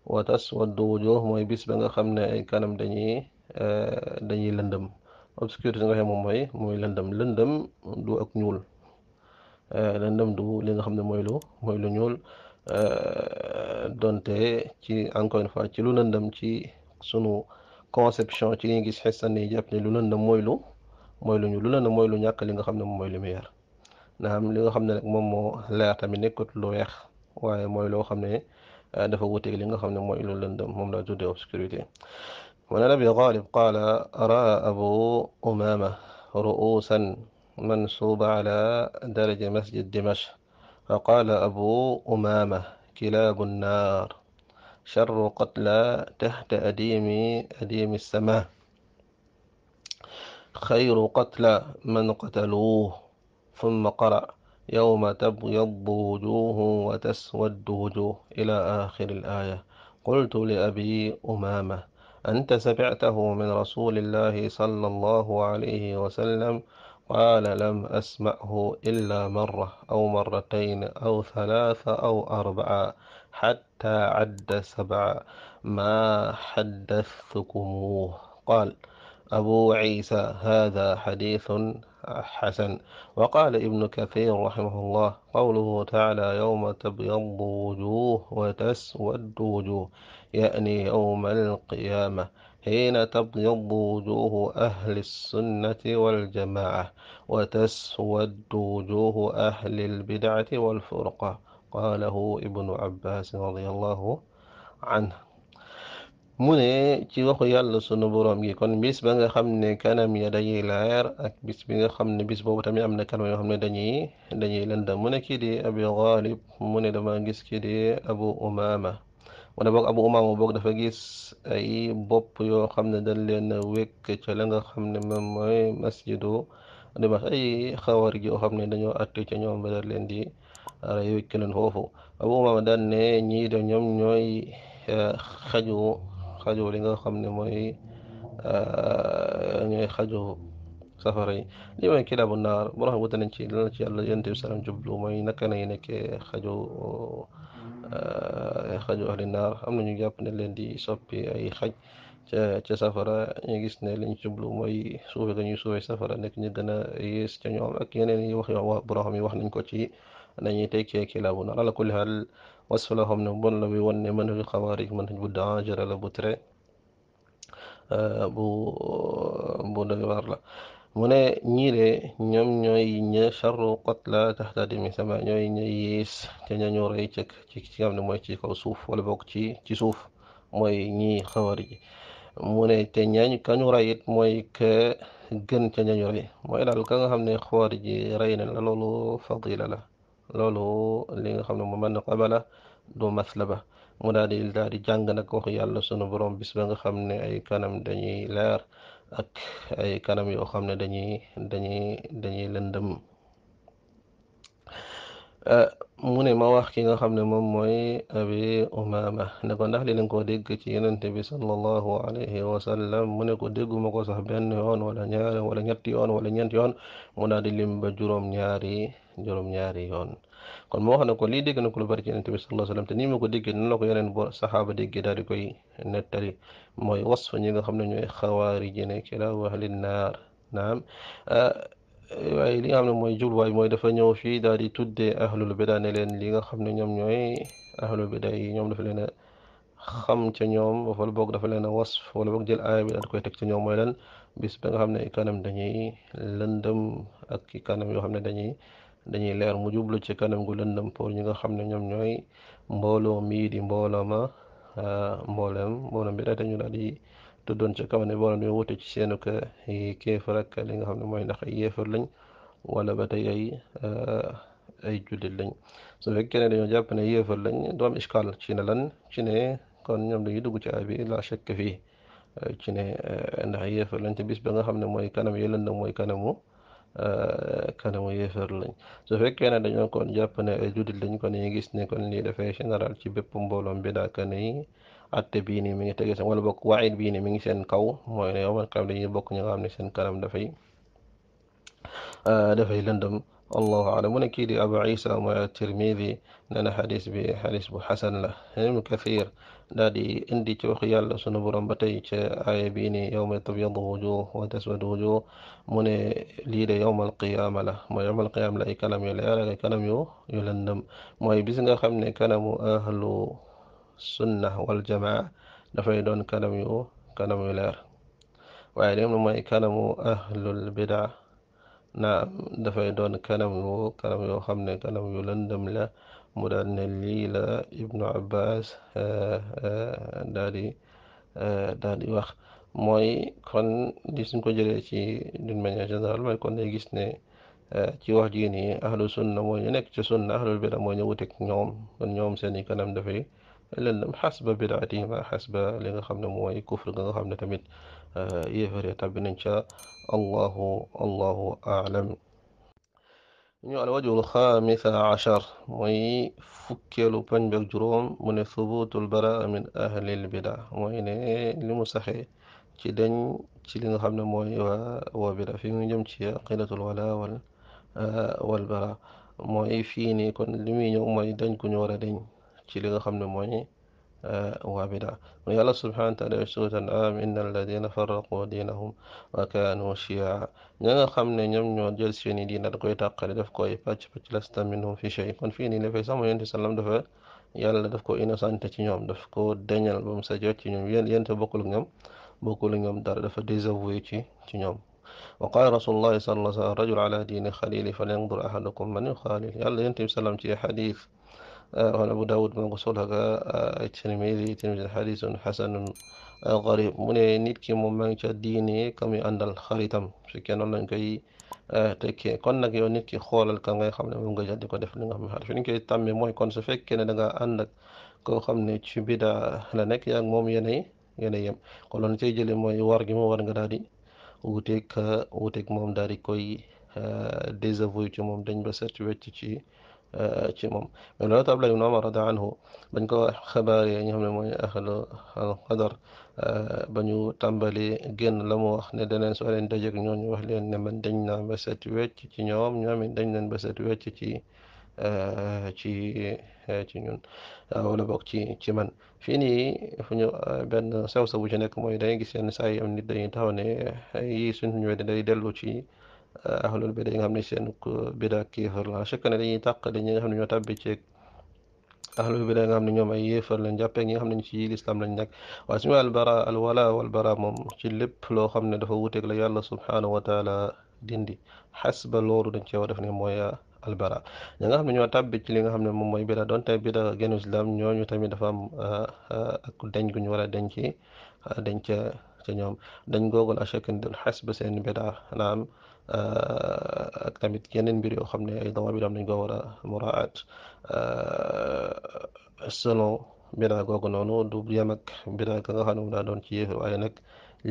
wa doo wujuh mooy bis ba nga xam ne ay kanam dañuy eh, dañuy lëndëm obscurité nga xam moom mooy mooy lëndëm lëndëm du ak ñuul eh, lëndëm du li nga xam ne mooy lu mooy lu ñuul eh, donte ci encore une ci lu lëndëm ci sunu conception ci li ñu gis xestan yi jàpp ne lu lëndëm mooy lu mooy lu lu lëndëm mooy lu ñàkk li nga xam ne moom mooy lumière naam li nga xam ne nag moom moo leer tamit nekkut lu weex waaye mooy loo xam ne Euh, dafa wuteeg li nga xam ne mooy lu lëndëm moom laa tuddee obscurité wa an abi ghalib qaala raa abu umama ru'usan mansuba ala daraja masjid dimash fa qaala abu umama kilaabu nnaar charru qatla taxta adiimi adiimi samaa xayru qatla man qataluuh thumma qara يوم تبيض وجوه وتسود وجوه إلى آخر الآية قلت لأبي أمامة أنت سمعته من رسول الله صلى الله عليه وسلم قال لم أسمعه إلا مرة أو مرتين أو ثلاثة أو أربعة حتى عد سبعة ما حدثتكموه قال أبو عيسى هذا حديث حسن وقال ابن كثير رحمه الله قوله تعالى يوم تبيض وجوه وتسود وجوه يعني يوم القيامة حين تبيض وجوه أهل السنة والجماعة وتسود وجوه أهل البدعة والفرقة قاله ابن عباس رضي الله عنه mu ne ci waxu yàlla sunu boroom gi kon bis ba nga xam ne kanam ya dañuy leer ak bis bi nga xam ne bis boobu tamit am na kanam yoo xam ne dañuy dañuy lëndam mu ne kii di abi ghalib mu ne dama gis kii di abu umama wala boog abu umama boog dafa gis ay bopp yoo xam ne dañ leen wékk ca la nga xam ne moom mooy masjidu dimax ay xawar gi yoo xam ne dañoo atte ca ñoom ba leen di rey ah, wékk foofu abu umama daan ne ñii ñoom ñooy ah, xaju xaju li nga xam ne mooy euh, ñooy xaju safara yi lii mooy kilaabu naar bu xam wute nañ ci lan ci yàlla yonent bi salaam jublu mooy naka nay nekkee xaju euh, xaju ahli naar am nañu jàpp ne leen di soppi ay xaj ci safara ñu gis ne liñ jublu mooy suufe ga ñuy suufe safara nekk ñu gën a yées ñoom ak yeneen yi wax yoo yi wax nañ ko ci nañuy tekkee kilaabu naar ala kulli xaal wasfu la xam ne bon la bi won ne mën nañu xawaarij mën nañ bu dangereux la bu très euh, bu bu doy waar la mu ne ñii de ñoom ñooy ña charru qatla taxta dimi sama ñooy ña yées te ña ñu rey cëkk ci ci nga ne mooy ci kaw suuf wala bokk ci ci suuf mooy ñi xawaarij yi mu ne te mooy que gën ca ñañu rey daal ka nga xam ne xawaarij yi rey na la loolu fadila la loolu li nga xam ne mu mën na qabala du maslaba mu daal di daal di jàng nag ko yàlla sunu borom bis ba nga xam ne ay kanam dañuy leer ak ay kanam yoo xam ne dañuy dañuy dañuy lëndëm Euh, mu ne ma wax ki nga xam ne moom mooy abi umama ne ko ndax li nga ko dégg ci yenente bi sallallahu alayhi wa sallam mu ne ko dégguma ko sax benn yoon wala ñaari wala ñetti yoon wala ñeenti yoon mu daal di lim ba juróom-ñaari juróom-ñaari yoon kon moo xam ne ko lii dégg na ko lu bari ci yenente bi te nii ma ko déggee ko yeneen bo saxaaba déggee daal di koy nettali mooy wasfa ñi nga xam ne ñooy xawaari ji ne kilaaw ahli naar naam euh, waaye li nga xam ne mooy jubluwaay mooy dafa ñëw fii daal di tuddee ahlul bida ne leen li nga xam ne ñoom ñooy ahlul bida yi ñoom dafa leen a xam ca ñoom wala boog dafa leen a wasf wala boog jël aaya bi daal koy teg ca ñoom mooy lan bis ba nga xam ne kanam dañuy lëndëm ak kanam yoo xam ne dañuy dañuy leer mu jublu ci kanam gu lëndëm pour ñi nga xam ne ñoom ñooy mbooloo mii di mbooloo ma ah, mbooleem mbooloo bi daal te ñu daal di tuddoon ci kaw ne borom bi wute ci seenu ko eh, kéefar ak li nga xam ne mooy ndax ay yéefar lañ wala ba tey ay eh, ay jullit lañ su fekkee dañoo jàpp ne yéefar lañ du am iskaal lan ci ne kon ñoom dañuy dugg ci ay bi la fii eh, ci ne ndax yéefar lañ te bis ba nga xam ne mooy kanam yi lan na mooy kanamu kanamu yéefar lañ su fekkee ne dañoo kon jàpp ne ay jullit lañ kon ñu gis ne kon lii dafay général ci bépp mbooloom bi daaka ne atte bii nii mi ngi tege seen wala bokk waayit bii nii mi ngi seen kaw mooy ne yow man kanam dañuy bokk ñi nga xam ne seen kanam dafay ah, dafay lëndëm allahu alam mu ne kii di abu isa mooy tirmidi nee na xadis bi xadis bu xasan la ibnu kathir daa di indi ci waxu yàlla sunu borom ba tey ca aaya bii nii yowma tabyadu wujuh wa taswadu wujuh mu ne lii de yowma alqiyaama la mooy yowma alqiyaama la ay kanam yu leer ak ay kanam yu yu lëndëm mooy bis nga xam ne kanamu ahlu sunna wal jamaa dafay doon kanam yu kanam yu leer waaye lim mooy kanamu ahlul bidaa naam dafay doon kanam yu kanam yoo xam ne kanam yu lëndëm la mu daan ne lii la ibnu abbas eh, eh, daa di eh, daa di wax mooy kon di suñ ko jëlee ci d'une manière générale mooy kon day gis ne ci wax jii nii ahlu sunna mooy ñu nekk ci sunna ahlul bida mooy ñu wuteeg ñoom kon ñoom seen kanam dafay lëndëm xasba bidaatihim xasba li nga xam ne mooy kufr ga nga xam ne tamit eh, yéefare tàbbi nañ ca allahu allahu aalam ñu alwajhu alxaamisa achar mooy fukkeelu pañ beeg juróom mu ne subutul baraa min ahlil bida mooy ne li mu saxe ci dañ ci li nga xam ne mooy waa waa bida fi mu jëm ci aqidatul wala wal eh, wal bara mooy fii nii kon li muy ñëw mooy dañ ku ñu war a dañ ci li nga xam ne mooy euh, waa bidaa mu ne yàlla subhaanahu wa taala wa suratan am inna alladina farraqu diinahum wa kaanu chia ña nga xam ne ñoom ñoo jël seeni diina da koy tàqale daf koy pàcc-pàcc lasta minhum fi shay kon fii nii dafay sama yonent sallam dafa yàlla daf ko innocenté ci ñoom daf ko deñal ba mu sa ci ñoom yéen yénte bokkul ak ñoom bokkul ak ñoom dara dafa désavoué ci ci ñoom wa qaala rasulullahi sallallahu alayhi wa sallam rajul ala diini xalili falyandur ahadukum man yuxaalil ci xadis waxaan abu daawud baan kusoo lagaa tirmidi tirmidi xadiisun xasanun qariib mu ne nit ki moom mu manca diine ka muy àndal xaritam su fekkee noonu lañ koy euh, tekkee kon nag yow nit ki xoolal ka ngay xam ne moom nga jàddi ko def li nga xam ne xarit fi ñu koy tàmmee mooy kon su fekkee ne da ngaa koo xam ne ci bida la nekk yaa moom yenay yenay yem kon loolu cay jëlee mooy war gi moom war nga daal di wuuteeg euh, moom daal di koy euh, désavoué ci moom dañ ba set wecc ci ci moom mais loolu tax Abdullah ibn Umar ko xabaaree ñi nga ne mooy ahlu al-qadar ba ñu tàmbali génn la mu wax ne daneen soo leen dajeeg ñooñu wax leen ne man dañ naa ba set wecc ci ñoom ñoom it dañ leen ba set wecc ci ci ci ñun wala boog ci ci man fii nii fu ñu benn sew-sew bu ci nekk mooy dañuy gis yenn saa yi am nit dañuy taxaw ne yii ñu ñëwee day dellu ci Eh, ahlul bida yi nga xam ne seen bida kiifar la chaque année dañuy tàqale ñi nga xam ne ñoo tàbbi ceeg ahlul bida nga xam ne ñoom ay yéefar lañ jàppee ñi nga xam ne ci lislaam lañ nekk waaye suñu albara alwala walbara moom ci lépp loo xam ne dafa wuteeg la yàlla subhaanahu wa taala dindi xasba loolu dañ cee war def ne mooy eh, albara ñi nga xam ne ñoo tàbbi ci li nga xam ne moom mooy bida donte bida génn islam ñooñu tamit dafa am eh, ak denc gu ñu war a denc denc ca ñoom dañ googul achakin dul xasba seen bida naam Euh, ak tamit yeneen mbir yoo xam ne ay dawaabir am ko war a muraat euh, selon bidaa googu noonu du yem ak bidaa ka nga xam ne moom doon ci yéefar waaye nag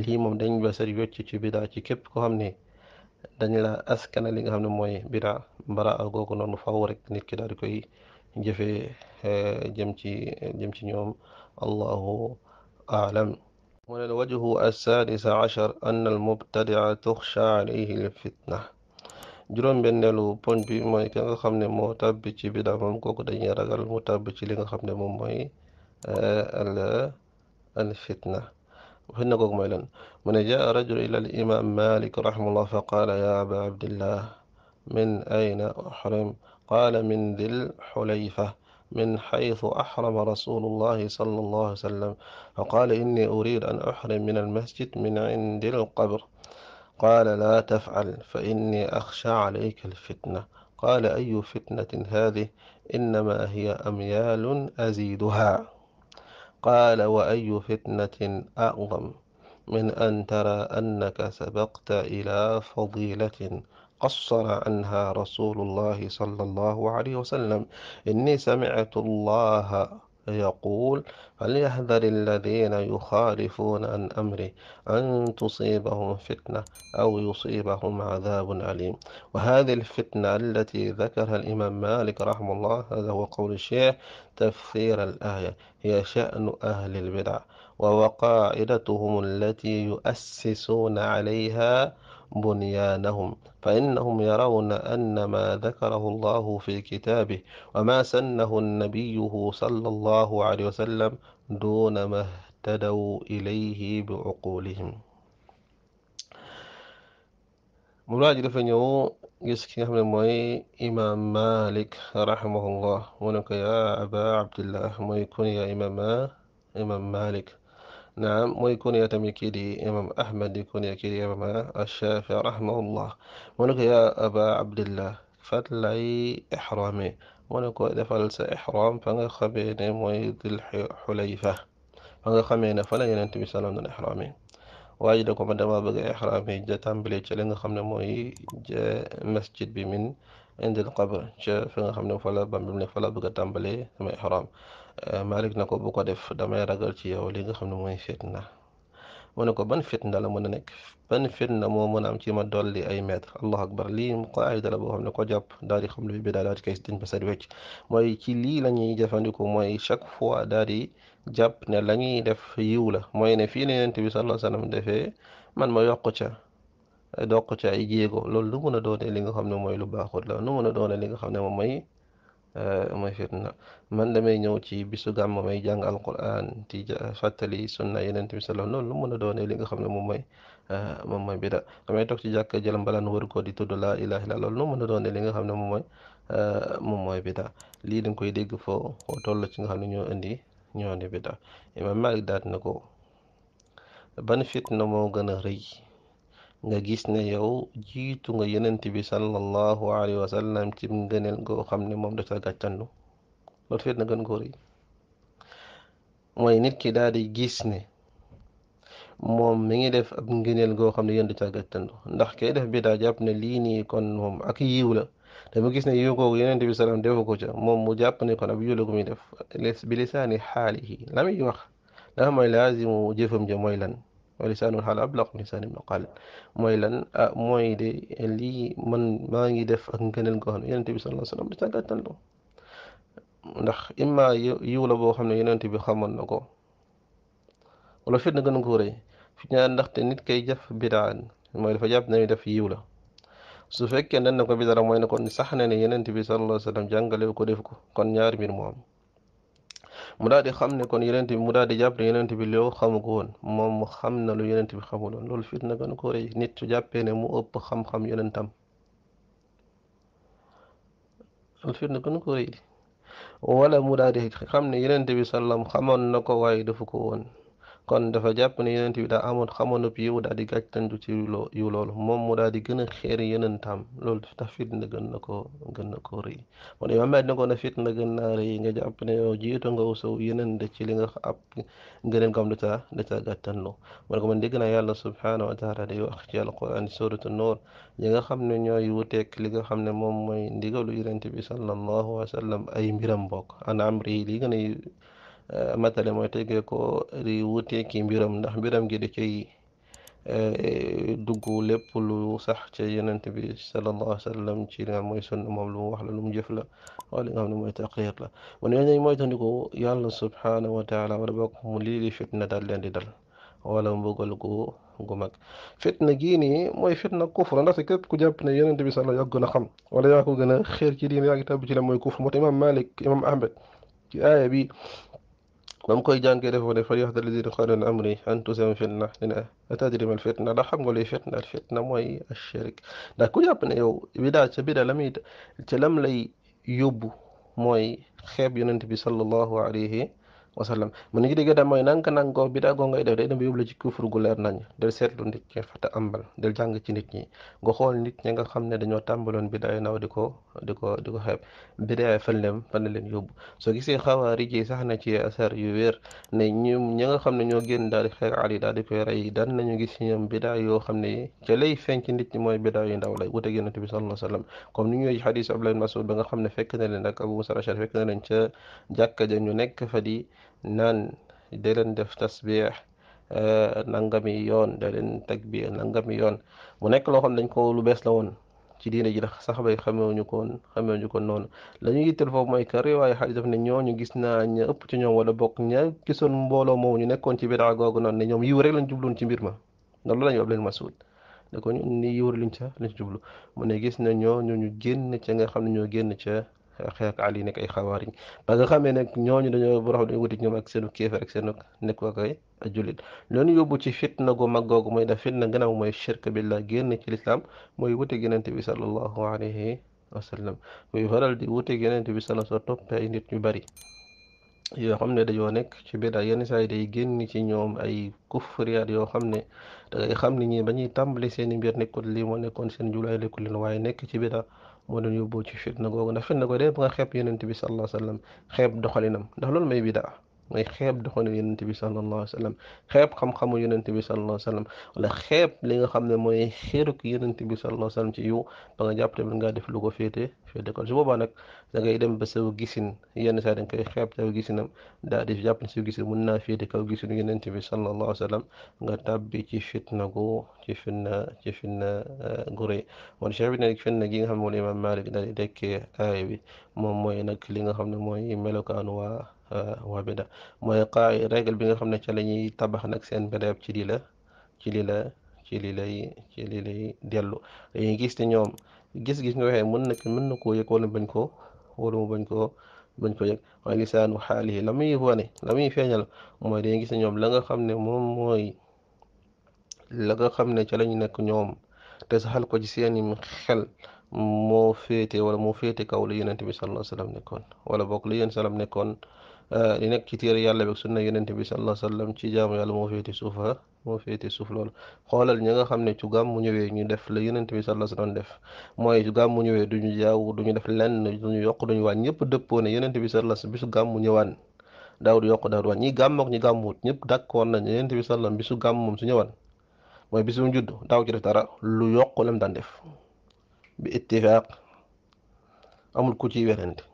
lii moom dañ ba sar wecc ci bidaa ci képp koo xam ne dañ la askana li nga xam ne mooy bidaa mbaraa googu noonu faw rek nit ki daal di koy jëfee euh, jëm ci jëm ci ñoom allahu aalam mu ne wajhu assadis achar ann almubtadia tuxsha alayhi lfitna juróom-benneelu poñ bi mooy ki nga xam ne moo tàbbi ci bida moom kooku dañuy ragal mu tàbbi ci li nga xam ne moom mooy al al fitna fitna kooku mooy lan mu ne jaa rajul ila al imam malik rahimahullah fa qaala ya aba abdillah min ayna uhrim qaala min dil xulayfa من حيث أحرم رسول الله صلى الله عليه وسلم وقال إني أريد أن أحرم من المسجد من عند القبر قال لا تفعل فإني أخشى عليك الفتنة قال أي فتنة هذه إنما هي أميال أزيدها قال وأي فتنة أعظم من أن ترى أنك سبقت إلى فضيلة قصر عنها رسول الله صلى الله عليه وسلم إني سمعت الله يقول فليحذر الذين يخالفون عن أمره أن تصيبهم فتنة أو يصيبهم عذاب أليم وهذه الفتنة التي ذكرها الإمام مالك رحمه الله هذا هو قول الشيخ تفسير الآية هي شأن أهل البدع ووقاعدتهم التي يؤسسون عليها بنيانهم فإنهم يرون أن ما ذكره الله في كتابه وما سنه النبي صلى الله عليه وسلم دون ما اهتدوا إليه بعقولهم mulaaj dafa ñëw gis ki nga xam ne mooy imaam malik rahimahullah mu ne ko yaa aba abdillah mooy kun ya imaama imaam malik naam mooy kuniya tamit kii di imam ahmad di kuniya kii di imam ash-Shafi rahimahullah mu ne ko yaa aba abdillah fan lay ixraame mu ne ko defal sa ixraam fa nga xamee ne mooy dil xulayfa fa nga xamee ne fa la yonent bi salaam doon ixraame waaye da ko ma dama bëgg a ixraame ja tàmbale ci li nga xam ne mooy masjid bi min indil qabr ca fi nga xam ne fa la bam bi la bëgg a tàmbale sama ixraam Euh, Malik na ko bu ko def damay ragal ci yow li nga xam ne mooy fitna mu ne ko ban fitna la mën a nekk ban fitna moo mën a am ci ma dolli ay mètre allahu akbar lii qaayida la boo xam ne ko jàpp daal di xam lu bi daal daal di koy wecc mooy ci lii la ñuy jëfandiku mooy chaque fois daal di jàpp ne la def yiw la mooy ne fii la yonent bi sallallahu alayhi defee man ma yokk ca doq ca ay jéego loolu lu mën a doone li nga xam ne mooy lu baaxut la lu mën a doone li nga xam ne moom mooy Euh, mooy fitna man may ñëw ci bisu gàmm may jàng alquran di fàttali sunna yeneen bi sala loolu lu mën a doonee li nga xam ne moom mooy euh, moom mooy bida damay toog ci jàkk jël mbalaan wër ko di tudd laa illa loolu lu mën a doonee li nga xam ne moom mooy euh, moom mooy bida lii dañ koy dégg foo toll ci nga xam ne ñoo indi ñoo indi bida imam Malik daat na ko ban fitna moo gën a rëy nga gis ne yow jiitu nga yenent bi sallallahu alayhi wa sallam ci ngëneel goo xam ne moom dafa gàccandu loolu feet na gën góor yi mooy nit ki daal gis ne moom mi ngi def ab ngëneel goo xam ne yen du ca gàccandu ndax ke def bidaa jàpp ne lii nii kon moom ak yiw la te mu gis ne yiw googu yeneen bi salaam defu ko ca moom mu jàpp ne kon ab yiw la gu muy def bi lisaani xaalihi la muy wax dafa mooy laazimu jëfam ja mooy lan wa lisaanul xaal ablaq min lisaan ibn qaal mooy lan ah mooy de lii man maa ngi def ak ngëneel goo xam ne yonent bi sallallahu alayhi wa sallam di tàggatal ko ndax imma yiw la boo xam ne yonent bi xamoon na ko wala fit na gën a ko rëy fi ñaan ndaxte nit kay jëf bidaan mooy dafa jàpp nañu def yiw la su fekkee nen na ko bidara mooy na kon sax na ne yonent bi sallallahu alayhi wa sallam jàngale ko def ko kon ñaari mbir moom mu daal di xam ne kon yonent bi mu daal di jàpp ne yonent bi loo xamu ko woon moom xam na lu yonent bi xamul woon loolu fitna gën ko rëy nit su jàppee ne mu ëpp xam-xam yonentam loolu fitna gën ko rëy wala mu daal di xam ne yonent bi sallam xamoon na ko waaye defu ko woon kon dafa jàpp ne yonent bi daa amoon xamoon nëpp yiw daal di gàjtandu ci moom mu daal di gën a xeeri yonentam loolu dafa tax fitna gën na koo gën na koo rëy kon imaam Maalik na ko ne fitna gën naa rëy nga jàpp ne yow jiitu nga saw yeneen da ci li nga ab ngëneem gam da caa da caa gàttandu man ko man dégg naa yàlla subhaanahu wa taala day wax ci alquran suratu nuur ñi nga xam ne ñooy wuteeg li nga xam ne moom mooy ndigalu yonent bi sallallahu alayhi wa sallam ay mbiram bokk an amri li gën Eh, matale mooy tegee ko di wutee ki mbiram ndax mbiram gi da cay eh, dugg lépp lu sax ca yonent bi sallallahu alayhi ci li nga mooy sunna moom lu mu lu mu jëf la wala li nga xam ne mooy taqrir la wan ñooñu mooy tandiku yàlla subhanahu wa bokk lii di fitna daal leen di dal wala mbugal gu gu mag fitna gii nii mooy fitna kufr ndaxte képp ku jàpp ne yonent bi sallallahu alayhi gën a xam wala yaa ko gën a ci diin yaa ngi tàbb ci la mooy kufr moo tax malik imam ahmed ci aaya bi ba koy jàngee dafa ne fal yaxdar lazina qaala an amri an tusam fitna dina atadrimal fitna ndax xam nga luy fitna al fitna mooy ashirik ndax ku jàpp ne yow bidaa ca bidaa la muy ca lam lay yóbbu mooy xeeb yonent bi sallallahu alayhi wasallam mu ne ci digg dem mooy nanka nangoo bidaa goo ngay def day dem ba yóbbu la ci kufur gu leer ñi fata ambal del nga xool nit xam ne dañoo tàmbaloon bidaay naw di ko di ko di ko xeeb bidaay fan leen fan leen yóbbu soo gisee xawaarij yi sax na ci asar yu wér ne ñoom ñi nga ne ñoo génn daal di xeex ali daal di koy rey daan nañu gis ñoom bidaay yoo xam ne ca lay feeñ ci nit ñi mooy bidaay yu ndaw lay wute yonent bi sallallahu alayhi wasallam comme ni ñuy xadis Abdullah Mas'ud ba nga xam ne fekk na leen ak Abu ñu nekk fa di naan da leen def tasbix eh, nangami yoon da leen takbir nangami yoon mu nekk loo xam dañ ko lu bees la woon ci diine ji sax saxaba yi xamewuñu ko woon ñu kon noonu la ñuy yittal foofu mooy que riwaaye xadis daf ñoo ñooñu gis naa ña ëpp ci ñoom wala bokk ña gisoon mbooloo moomu ñu nekkoon ci bidaa googu noonu ne ñoom yiw rek lañ jubloon ci mbir ma loolu la ñu ab leen masuud da ko ñu ni yiw ca luñ ca jublu mu ne gis na ñoo ñu génn ca nga xam ne ñoo génn ca xeex ak Ali nekk ay xawaariñ ba nga xamee nag ñooñu dañoo boo xam dañu wuti ñoom ak seenu kéefar ak seenu nekk ko koy jullit loolu yóbbu ci fitna gu mag googu mooy daf fitna gannaaw mooy shirk billah génn ci lislaam mooy wute Yonent bi sallallahu alayhi wa sallam muy faral di wute Yonent bi sallam soo toppee ay nit ñu bari yoo xam ne dañoo nekk ci biddaa yenn saa yi day génn ci ñoom ay kufriyaat yoo xam ne da xam ni ñi ba ñuy tàmbali seen i mbir nekkul lii moo nekkoon seen jubluwaay nekkul lii waaye nekk ci bida moo doon yóbboo ci fitna googu ndax fitna googu day ba nga xeeb yonent bi sallallahu alayhi wa sallam xeeb doxalinam ndax loolu may bida mooy xeeb doxalinu yonent bi sallallahu alayhi wa sallam xeeb xam-xamu yonent bi sallallahu alayhi wa sallam wala xeeb li nga xam ne mooy xeeruk yonent bi sallallahu alayhi wa ci yiw ba nga jàpp tamit ngaa def lu ko féete féete si su boobaa nag da ngay dem ba saw gisin yenn saa da nga koy xeeb saw gisinam daa di jàpp ne saw gisin mun naa féete kaw gisinu yonent bi sallallahu alayhi wa sallam nga tàbbi ci fitna gu ci fitna ci fitna euh, gu rëy wan bi nag fitna gi nga xam ne moom la imaam Malik daal di bi moom mooy nag li nga xam ne mooy melokaanu waa Euh, waa bida mooy xaa règle bi nga xam ne ca la ñuy tabax nag seen béréb ci lii la ci lii la ci lii lay ci lii lay dellu dañuy gis ne ñoom gis-gis nga waxee mën na mën na koo yëg wala bañ koo wala mu bañ koo bañ ko yëg waaye lisaanu xaali yi la muy wane la muy feeñal mooy dañuy gis ne ñoom la nga xam ne moom mooy la nga xam ne ca la ñu nekk ñoom te saxal ko ci seeni xel moo féete wala moo féete kaw la yonent bi sallallahu alayhi wa sallam nekkoon wala bokk la yonent sallam nekkoon li nekk ci téere yàlla beeg sunna yonent bi sallallahu alayhi wasallam ci jaamu yàlla moo féete suuf ah moo féete suuf loolu xoolal ñi nga xam ne ci gàmmu ñëwee ñu def la yonent bi sallallahu alayhi wasallam def mooy ci gàmmu ñëwee duñu jaaw duñu def lenn duñu yokk duñu wàññi ñëpp dëppoo ne yonent bi sallallahu alayhi wasallam bisu gàmmu ñëwaan daawud yokk daawud wàññi ñi gàmmook ñi gàmmuwut ñëpp d'accord nañ yonent bi sallallahu alayhi wasallam bisu gàmm moom su ñëwaan mooy bisu judd daaw ci def dara lu yokk lam daan def bi ittifaq amul ku ci werante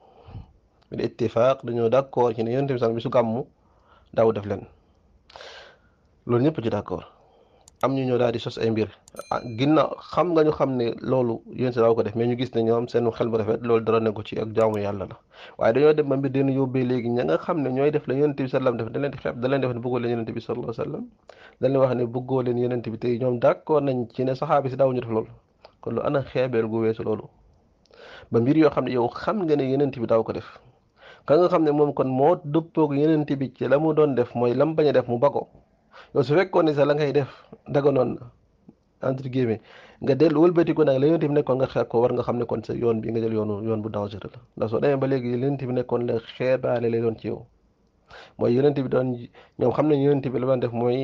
bil ittifaq dañoo d'accord ci ne yonent bi bi su gàmmu daaw def leen loolu ñëpp ci d'accord am ñu ñoo daal di sos ay mbir ah, ginnaaw xam nga ñu xam ne loolu yéen si ko def mais ñu gis ne ñoom seen xel bu rafet loolu dara ko ci ak jaamu yàlla la waaye dañoo dem ba mbir dina yóbbee léegi ña nga xam ne ñooy def la yonent bi sallam def da leen di xeeb da ne bëggoo leen yonent bi sallallahu alayhi wax ne bëggoo leen yonent bi ñoom d'accord nañ ci ne saxaabi si daaw ñu def lool kon lu ana xeebeel gu weesu loolu ba mbir yoo xam ne yow xam nga ne yonent bi daaw ko def ka nga xam ne moom kon moo dëppoog yenente bi ci la mu doon def mooy lam bañ a def mu bako yow su fekkoon ne sa la ngay def daganoon noon entre guillemets nga dellu wëlbatiku nag la yenente bi nekkoon nga xeet ko war nga xam ne kon sa yoon bi nga jël yoonu yoon bu dangereux la ndax soo demee ba léegi yenente bi nekkoon la xeebaale lay doon ci yow mooy yenente bi doon ñoom xam nañ yenente bi la doon def mooy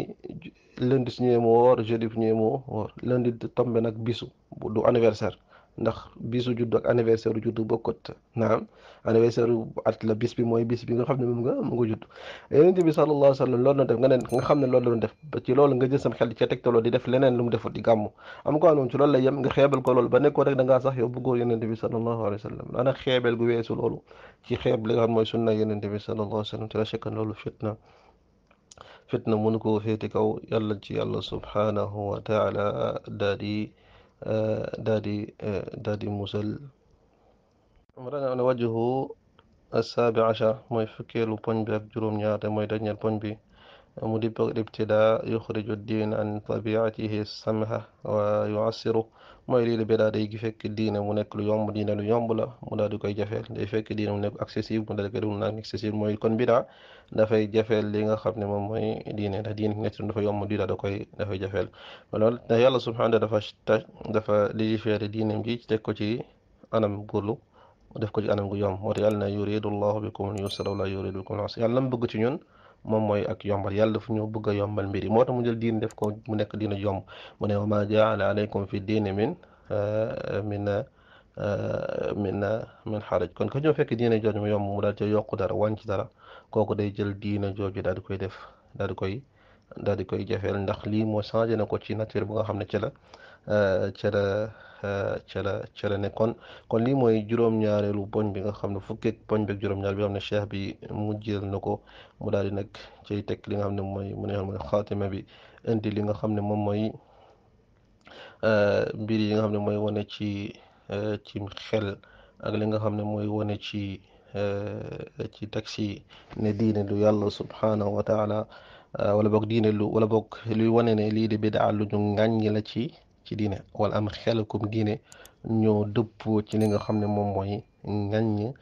lundi su ñëwee mu woor jeudi bu ñëwee mu woor nag bisu du anniversaire ndax bisu juddu ak anniversaire juddu bokkut naam anniversaire at la bis mooy bis bi nga xam ne moom nga mu nga judd yonent bi sallallahu alayhi loolu def nga xam ne loolu doon def ba ci loolu nga jël sam xel ca tegtaloo di def leneen lu mu defut di gàmmu am ko anoon ci loolu la yem nga xeebal ko loolu ba nekkoo rek da ngaa sax yow bëggoo yonent bi sallallahu alayhi wa la chekkan loolu fitna fitna mënu ko féete kaw yàlla ci yàlla subhanahu wa daa di daa di musal mara ne ne wàjjuhu assaabi achar mooy fukkeelu poñ bi ak juróom-ñaar te mooy dañeel poñ bi mu di ibtidaa yuxriju diin an tabiatihi samha wa yuassiru mooy lii bi daa day fekk diine mu nekk lu yomb diine yomb la mu daa di koy jafeel day fekk diine mu nekk accessible mu daal di koy kon bidaa dafay jafeel li nga xam ne moom mooy diine ndax diine nekk dafa yomb di da da koy dafay jafeel loolu ndax yàlla subhaanahu dafa dafa légiféré diineem ji te ko ci anam gurlu def ko ci anam gu yomb moo tax yal na yuridu llahu bikum al-yusra wa la yuridu bikum al-usra yàlla na bëgg ci ñun moom mooy ak yombal yàlla fu ñu bëgg a yombal mbir yi moo tax mu jël diin def ko mu nekk diina yomb mu ne wa ma jaala aleykum fi diini min min min min xaraj kon ko ñoo fekk diina jooju mu yomb mu daal ci yokku dara wàññi ci dara kooku day jël diina jooju daal di koy def daal koy daal di koy jafeel ndax lii moo changé na ko ci nature bu nga xam ne ca la euh, ca la euh, ca la ca la nekkoon kon lii mooy juróom-ñaareelu poñ bi nga xam ne fukki poñ juróom-ñaar bi nga xam ne cheikh bi mujjeel na ko mu daal di nag cay teg li nga xam ne mooy mu ne mooy xaatima bi indi li nga xam ne moom mooy euh, mbir yi nga xam ne mooy wane ci ci xel ak li nga xam ne mooy wane ci ci taxi ne diine lu yàlla Euh, wala boog diine lu wala boog luy wane ne lii di bidaa lu ñu ŋàññi la ci ci diine wala am xel xelakum diine ñoo dëppoo ci li nga xam ne moom mooy ŋàññ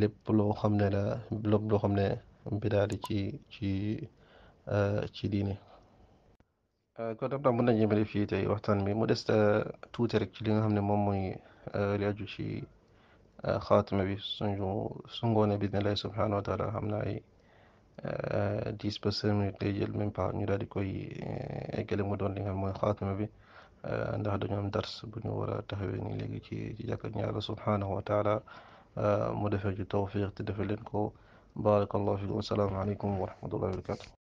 lépp loo xam ne la lépp loo xam ne bidaa ci ci euh, ci diine euh, kon tam tam mën nañu yemale fii tey waxtaan bi mu des tuuti rek ci li nga xam ne moom mooy li aju ci xaatima bi suñu su ngoone bi ne lay subhanahu wa xam na ay dix ba cinq minutes lay jël même ñu daal di koy eh, eggale mu doon li mooy xaatima bi eh, ndax dañu am dars bu ñu war a taxawee nii léegi ci ci jàkkañ yàlla subhaanahu wa taala eh, mu defee ci tawfiq te defee leen ko barakallahu fikum asalaamaaleykum wa rahmatullahi wa barakatu